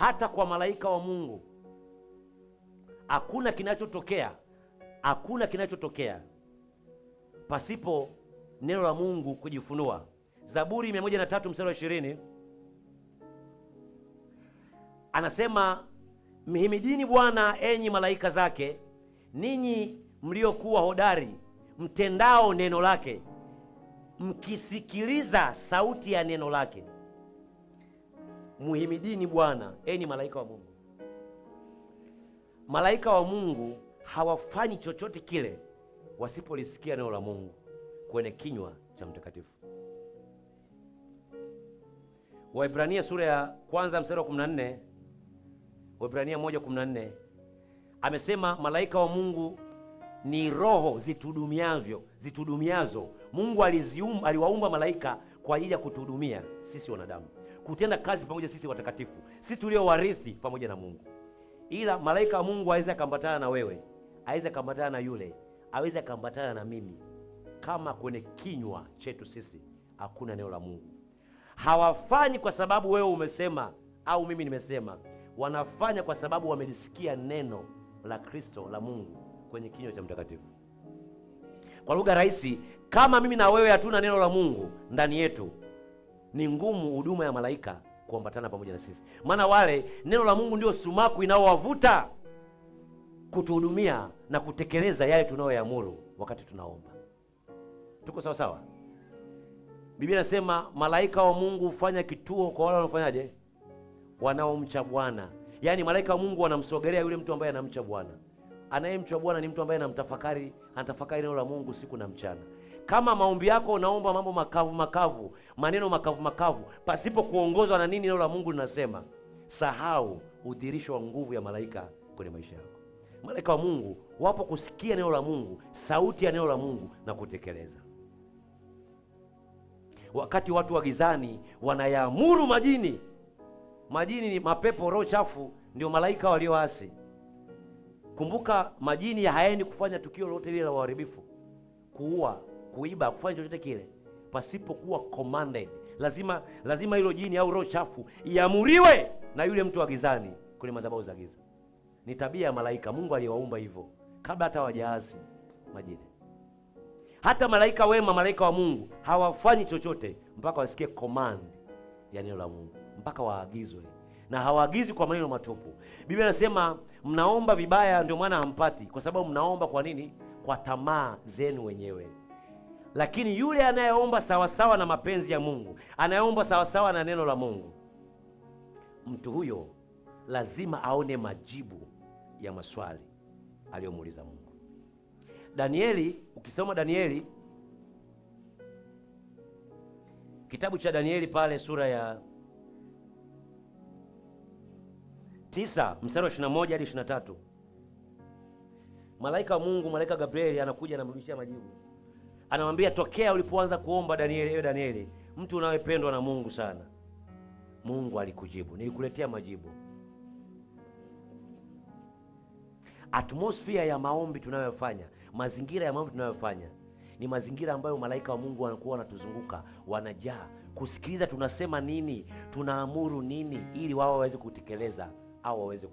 hata kwa malaika wa Mungu hakuna kinachotokea, hakuna kinachotokea pasipo neno la Mungu kujifunua. Zaburi 103 mstari wa 20 anasema mhimidini Bwana enyi malaika zake, ninyi mliokuwa hodari mtendao neno lake, mkisikiliza sauti ya neno lake muhimidini Bwana e ni malaika wa Mungu. Malaika wa Mungu hawafanyi chochote kile wasipolisikia neno la Mungu kwenye kinywa cha mtakatifu. Waibrania sura ya kwanza mstari wa 14, Waibrania 1:14 amesema malaika wa Mungu ni roho zitudumiavyo zituhudumiazo. Mungu aliziumba, aliwaumba malaika kwa ajili ya kutuhudumia sisi wanadamu kutenda kazi pamoja sisi watakatifu, sisi tulio warithi pamoja na Mungu. Ila malaika wa Mungu aweze akaambatana na wewe, aweze akambatana na yule, aweze akaambatana na mimi, kama kwenye kinywa chetu sisi hakuna neno la Mungu. Hawafanyi kwa sababu wewe umesema au mimi nimesema, wanafanya kwa sababu wamelisikia neno la Kristo la Mungu kwenye kinywa cha mtakatifu. Kwa lugha rahisi, kama mimi na wewe hatuna neno la Mungu ndani yetu ni ngumu huduma ya malaika kuambatana pamoja na sisi, maana wale neno la Mungu ndio sumaku inaowavuta kutuhudumia na kutekeleza yale tunayoyaamuru wakati tunaomba. Tuko sawa sawa? Biblia inasema malaika wa Mungu hufanya kituo kwa wale wanaofanyaje? Wanaomcha Bwana. Yaani malaika wa Mungu wanamsogelea yule mtu ambaye anamcha Bwana. Anayemcha Bwana ni mtu ambaye anamtafakari, anatafakari neno la Mungu siku na mchana. Kama maombi yako unaomba mambo makavu makavu, maneno makavu makavu, pasipo kuongozwa na nini, neno la Mungu linasema sahau udhirisho wa nguvu ya malaika kwenye maisha yako. Malaika wa Mungu wapo kusikia neno la Mungu, sauti ya neno la Mungu na kutekeleza. Wakati watu wa gizani wanayaamuru majini, majini ni mapepo, roho chafu, ndio malaika walioasi. Kumbuka, majini hayaendi kufanya tukio lolote lile la uharibifu, kuua, kuiba, kufanya chochote kile pasipokuwa commanded. Lazima lazima hilo jini au roho chafu iamuriwe na yule mtu wa gizani kwenye madhabahu za giza. Ni tabia ya malaika. Mungu aliwaumba hivyo kabla hata wajaasi majini. Hata malaika wema, malaika wa Mungu hawafanyi chochote mpaka wasikie command ya neno la Mungu, mpaka waagizwe na hawaagizi kwa maneno matupu. Biblia inasema mnaomba vibaya, ndio maana hampati, kwa sababu mnaomba kwa nini? Kwa tamaa zenu wenyewe lakini yule anayeomba sawasawa na mapenzi ya Mungu, anayeomba sawasawa na neno la Mungu, mtu huyo lazima aone majibu ya maswali aliyomuuliza Mungu. Danieli, ukisoma Danieli, kitabu cha Danieli pale sura ya tisa mstari wa 21 hadi 23, malaika wa Mungu, malaika Gabrieli anakuja anamrudishia majibu anamwambia tokea ulipoanza kuomba Danieli, ewe Danieli, mtu unayependwa na Mungu sana, Mungu alikujibu, nilikuletea majibu. Atmosfia ya maombi tunayofanya, mazingira ya maombi tunayofanya ni mazingira ambayo malaika wa Mungu wanakuwa wanatuzunguka, wanajaa kusikiliza tunasema nini, tunaamuru nini, ili wao waweze kutekeleza au waweze